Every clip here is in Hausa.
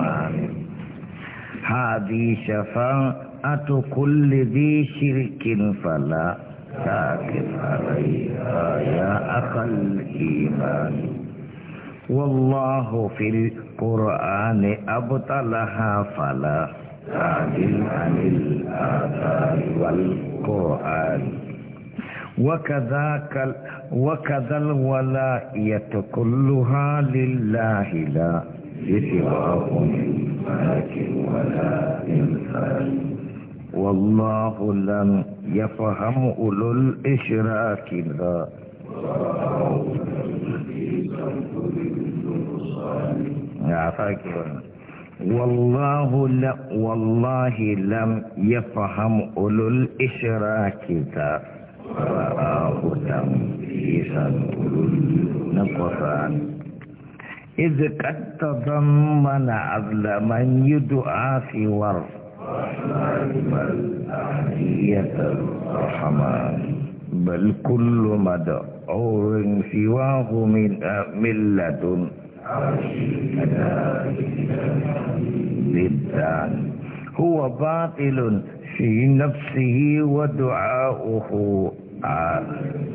الرحمن هذه شفاعة كل ذي شرك فلا تاكف عليها يا أخ الإيمان والله في القرآن أبطلها فلا تعدل عن الآثار والقرآن وكذاك وكذا الولاية كلها لله لا فتراق من فاك ولا إنسان والله لم يفهم أولو الإشراك ذا والله لا والله لم يفهم أولو الإشراك ذا فرآه يفهم أولو ذا إذ قد تضمن عدل من يدعى في ورد الرحمن بل كل مدعو سواه من ملة بالدان هو باطل في نفسه ودعاؤه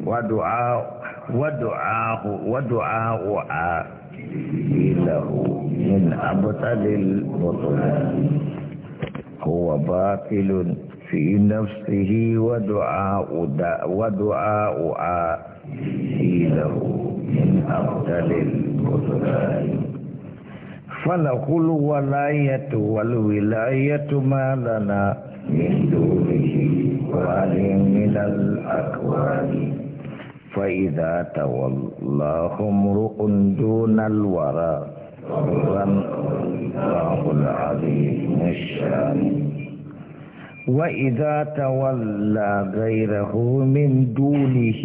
ودعاء آه. ودعاء ودعاء له من أبطل البطل هو باطل في نفسه ودعاء ودعاء له من أبطل البطل فله الولاية والولاية ما لنا من دونه وعلي من الأكوان فإذا تولى خمرق دون الورى الله العظيم الشان وإذا تولى غيره من دونه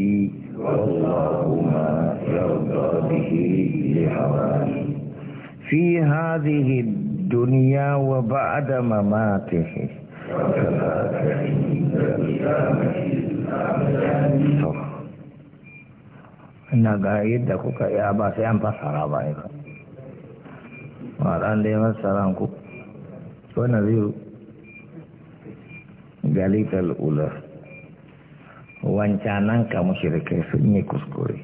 والله ما يرضى به لحرام في هذه الدنيا وبعد مماته فكذاك عند ina ga yadda kuka ya ba sai an fasara ba ya da ya fasara ku wani zai galitar ular wancanan ka shirka sun yi kuskure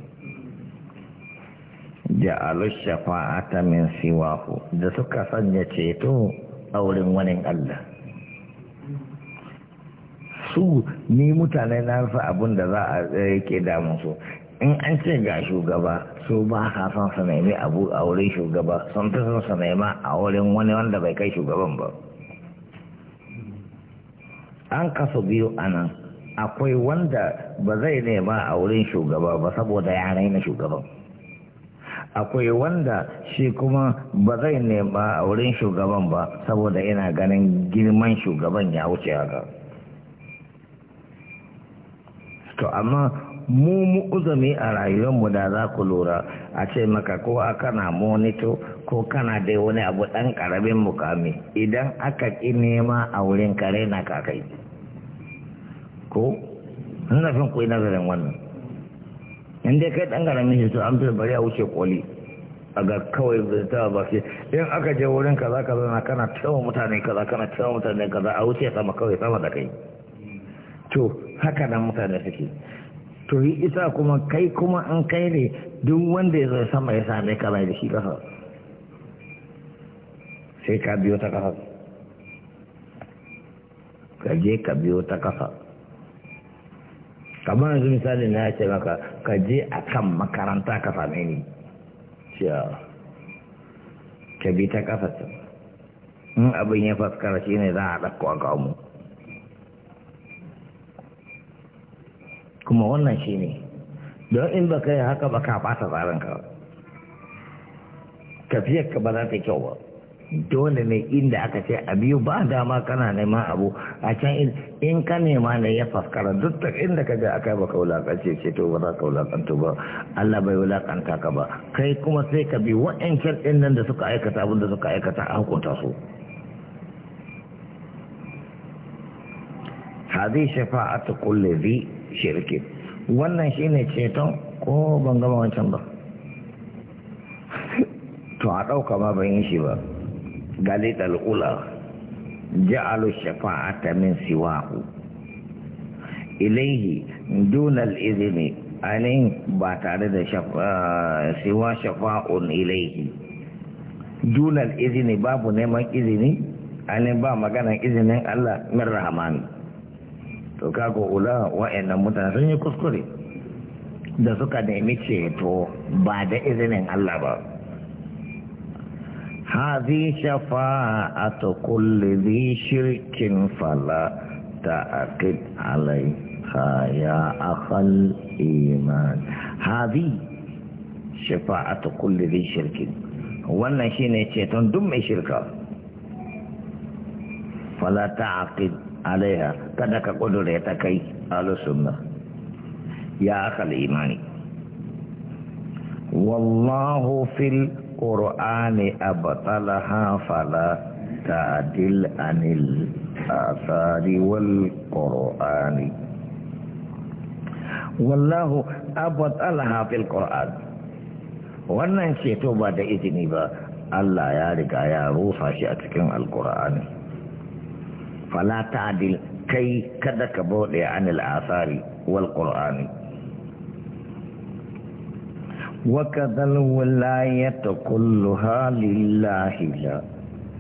ja'alu shafa'ata min siwahu da suka sanya ceto a wurin wani Allah su ni mutane na rufe abin da za a eh, yake damun su in an ce ga shugaba su ba ka son su nemi abu a wurin shugaba sun fi son su nema a wurin wani wanda bai kai shugaban ba an kasu biyu a nan akwai wanda ba zai nema a wurin shugaba ba saboda ya raina shugaban akwai wanda shi kuma ba zai nema a wurin shugaban ba saboda yana ganin girman shugaban ya wuce haka to amma mu mu'uzumi a rayuwarmu da za ku lura a ce maka ko kana monito ko kana dai wani abu ɗan ƙaramin mukami idan aka ƙi nema a wurin kare na kakai ko ina fin ku nazarin wannan in dai kai ɗan ƙaramin shi to an fi bari a wuce koli a ga kawai ta ba ke in aka je wurin kaza kaza na kana tawa mutane kaza kana tawa mutane kaza a wuce sama kawai sama da kai to haka nan mutane suke to yi isa kuma kai kuma an kai ne duk wanda ya zai sama ya same ka bai da shi kasa sai ka biyo ta kasa ka je ka biyo ta kasa kamar yanzu misali na ya ce maka ka je a kan makaranta ka same ni cewa ka bi ta kasa in abin ya faskara shi ne za a ɗakko a kawo mu kuma wannan shi ne don in ba kai haka ba ka ka tafiyar ka ba za ta kyau ba dole ne inda aka ce a biyu ba dama kana neman abu a can in ka nema ne ya faskara duk inda ka ga aka yi baka wulakance ce to ba za ka wulakantu ba Allah bai wulakanta ka ba kai kuma sai ka bi wayan ɗin nan da suka aikata abin da suka aikata a hukunta su hadi shafa'atu kulli dhi shirki wannan shine ceton ko ban gama wancan ba to a dauka ma ban yi shi ba galit al-ula ja'alu shafa'ata min siwahu ilaihi duna al-idhni anin ba tare da siwa shafa'un ilaihi duna al-idhni babu neman izini anin ba maganan izinin Allah min rahmani to kago ula wa'annan mutane sun yi kuskure da suka nemi ceto ba da izinin Allah ba hazi ta kulle dhi shirkin fala ta alai ha ya akhal iman hazi ta kulle dhi shirkin wannan shine ceton duk mai shirka fala ta ta'aqid alaiha kada ka kudure ta kai alusunna ya akal imani wallahu fil qur'ani abtalaha fala ta'dil anil asari wal qur'ani wallahu abtalaha fil qur'an wannan ceto ba da izini ba Allah ya riga ya rufa shi a cikin alqur'ani فلا تعدل كي كدك بودي عن الآثار والقرآن وكذا الولاية كلها لله لا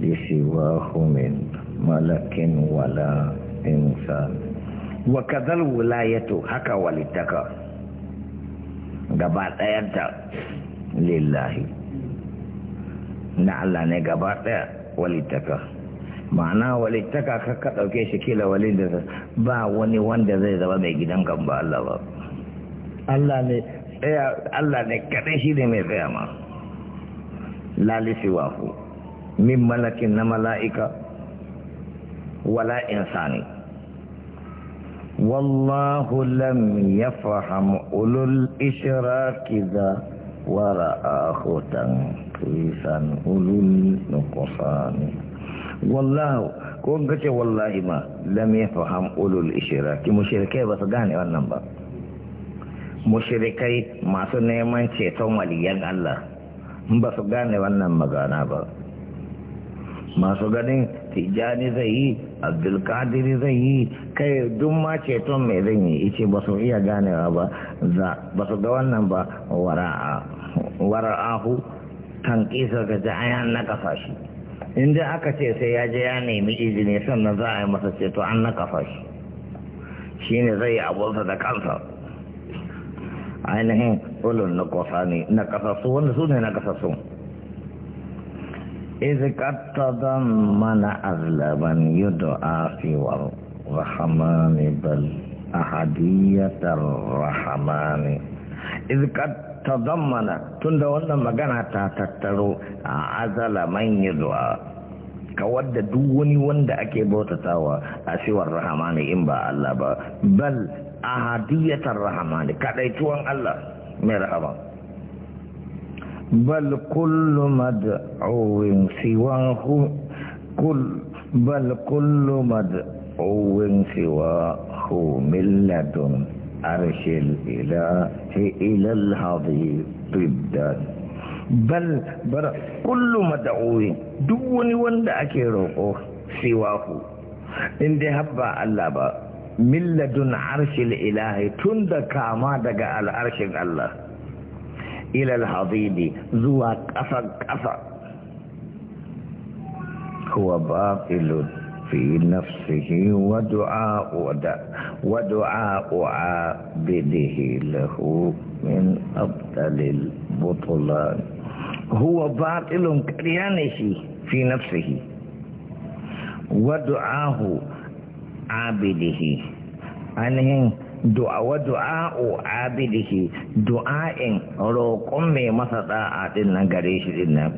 لسواه من ملك ولا إنسان وكذا الولاية هكا ولتكا قبعت أيضا لله نعلن قبعت ولتكا ma'ana walittaka ka ɗauke shi kila wali da ba wani wanda zai zama mai gidan kan ba Allah ba Allah ne tsaya Allah ne kaɗai shi ne mai tsaya ma lalisi wafu min malakin na mala'ika wala insani wallahu lam yafham ulul ishraki da wara'ahu tanqisan ulul nuqsani wallahu ko ce wallahi ma lam yafham ulul ishraki mushrikai ba su gane wannan ba mushrikai masu neman ceton waliyan Allah ba su gane wannan magana ba masu ganin tijani zai yi abdulkadiri zai yi kai duk ma ceton mai zan yi ice ba su iya ganewa ba za ba su ga wannan ba wara'ahu tankisa kisa ga ja'ayan na kafashi inda aka ce sai ya je ya nemi izini sannan za a yi masa ceto an na kafa shi shi ne zai yi abuwarsa da kansa ainihin ulun na kwasa ne na kasassu wanda su ne na kasassu izi kattadan mana azlaban yudu a fiwar rahamani bal ahadiyatar rahamani izi kattadan tazammana tunda wannan magana ta tattaro a azala man zuwa kawar da duk wani wanda ake bautatawa a siwar rahamani in ba Allah ba bal hadiyatar rahamani kadaituwan Allah mai rahama bal kullu mad'uwin hu kul bal kullu mad'uwin siwahu min ladun عرش الإله إلى الحضيض ضد بل بل كل مدعو دون وند أكيرو سواه إن دي هبا الله با من لدن عرش الإله تند كاما دقا العرش الله إلى الحضيض زوا قفا قفا هو باطل في نفسه ودعاء ودعاء عابده له من أبطل البطلان هو باطل كريانه في نفسه ودعاه عابده أنه دعاء ودعاء عابده دعاء روكم مصدعات نغريش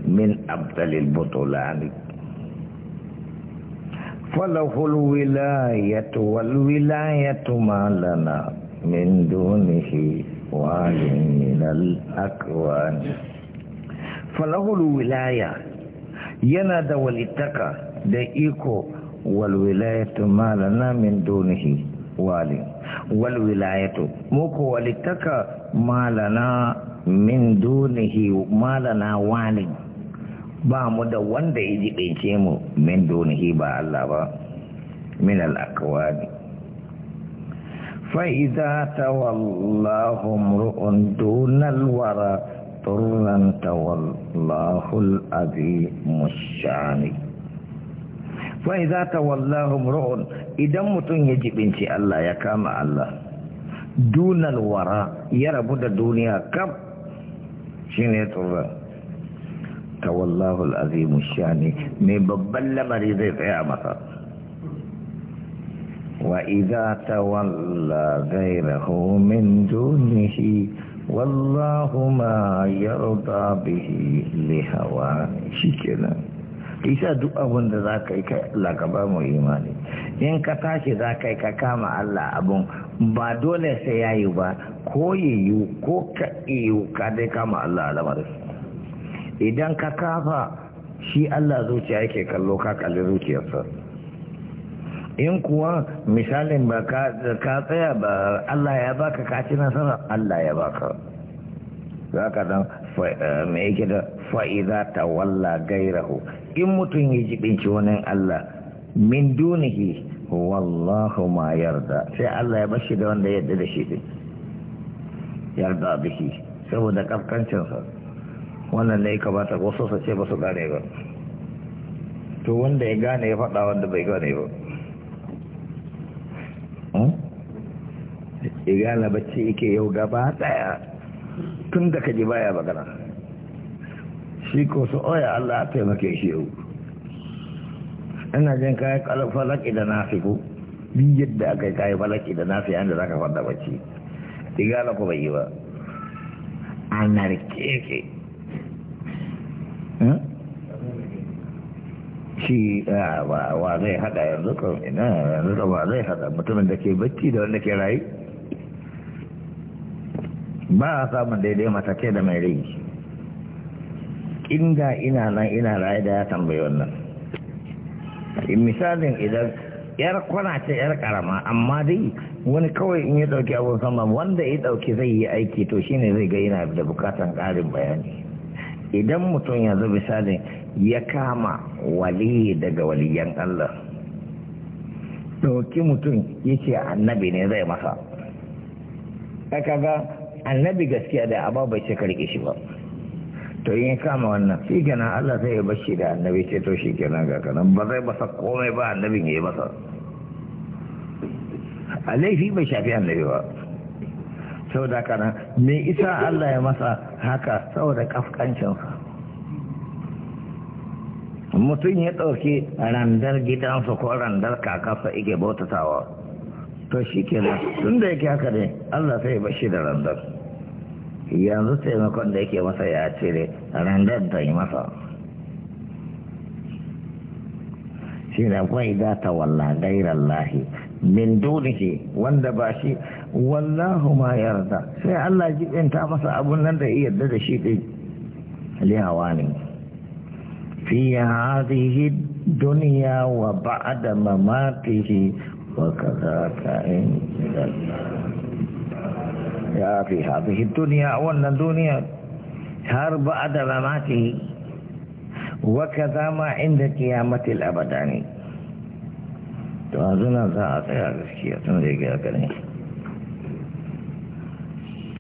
من أبطل البطلان falahul wilayatu wal wilayatu ma lana min dunihi wa min al akwan falahul wilaya yana da walitaka da iko wal wilayatu ma lana min dunihi wali wal wilayatu muku walitaka ma lana min dunihi wali ba mu da wanda ya ji ɗaice mu min dunihi ba Allah ba min al'akwani fa'iza ta wallahun ru'un dunan wara turan ta wallahul abi mushani fa'iza ta wallahun ru'un idan mutum ya jibinci Allah ya kama Allah Dunan wara ya rabu da duniya kam? shi ne turran tawallahu al'azimu shani mai babban lamari zai tsaya masa wa idza tawalla ghayrahu min dunihi wallahu ma yarda bihi li hawa shikenan isa duk abin da za ka yi ka ba mu imani in ka tashi za ka yi ka kama Allah abun ba dole sai yayi ba ko yiwu ko ka yiwu ka dai kama Allah lamari. idan ka kafa shi Allah zuciya yake kallo ka kalli zuciyarsa in kuwa misalin ba ka tsaya ba Allah ya baka ka ci nasara Allah ya baka za ka dan eh, mai yake da fa'iza ta walla gairahu in mutum ya jibinci wani Allah min dunihi wallahu ma yarda sai Allah ya bashi da wanda ya yarda da shi din yarda bihi saboda kafkancinsa wannan ne kamata wasu su ce ba su gane ba to wanda ya gane ya faɗa wanda bai gane ba hmm? ya gane bacci yake yau gaba ɗaya tun da kaji baya magana shi ko su oya Allah taimake shi yau ina jin kayan idan na fi ku bin yadda aka yi kayan idan da fi yadda za ka faɗa bacci ya gane ku bai yi ba a narke ke shi wa zai hada yanzu kan ina yanzu da ba zai hada mutumin da ke bacci da wanda ke rayu ba a samun daidai matakai da mai rai inda ina nan ina rayu da ya tambayi wannan in misalin idan yar kwana ce yar karama amma dai wani kawai in ya dauki abun sama wanda ya dauki zai yi aiki to shine zai ga yana da bukatan karin bayani idan mutum yanzu misali ya kama wali daga waliyan Allah ɗauki mutum ya ce annabi ne zai masa aka ga annabi gaskiya da abu bai ce karke shi ba to yin kama wannan shi gana Allah zai yi bashi da annabi ce to shi gana ga kanan ba zai basa komai ba annabin ya yi masa a laifi bai shafi annabi ba saboda kana me isa Allah ya masa haka saboda kafkancinsa mutum ya ɗauki randar gidansa ko randar kakasa ike bautatawa to shi kenan tun da yake haka ne Allah sai bashi da randar yanzu taimakon da yake masa ya cire randar da yi masa shi da kwai za ta walla gairar lahi min dunihi wanda ba shi wallahu ma yarda sai Allah jibinta masa abun nan da yarda da shi din lihawa ne fi hadhihi dunya wa ba'da mamatihi wa kadhaka inda ya fi hadhihi dunya wannan duniya har ba'da mamatihi wa kadha ma inda qiyamatil abadani to azuna za a tsaya gaskiya tun da ya ga ne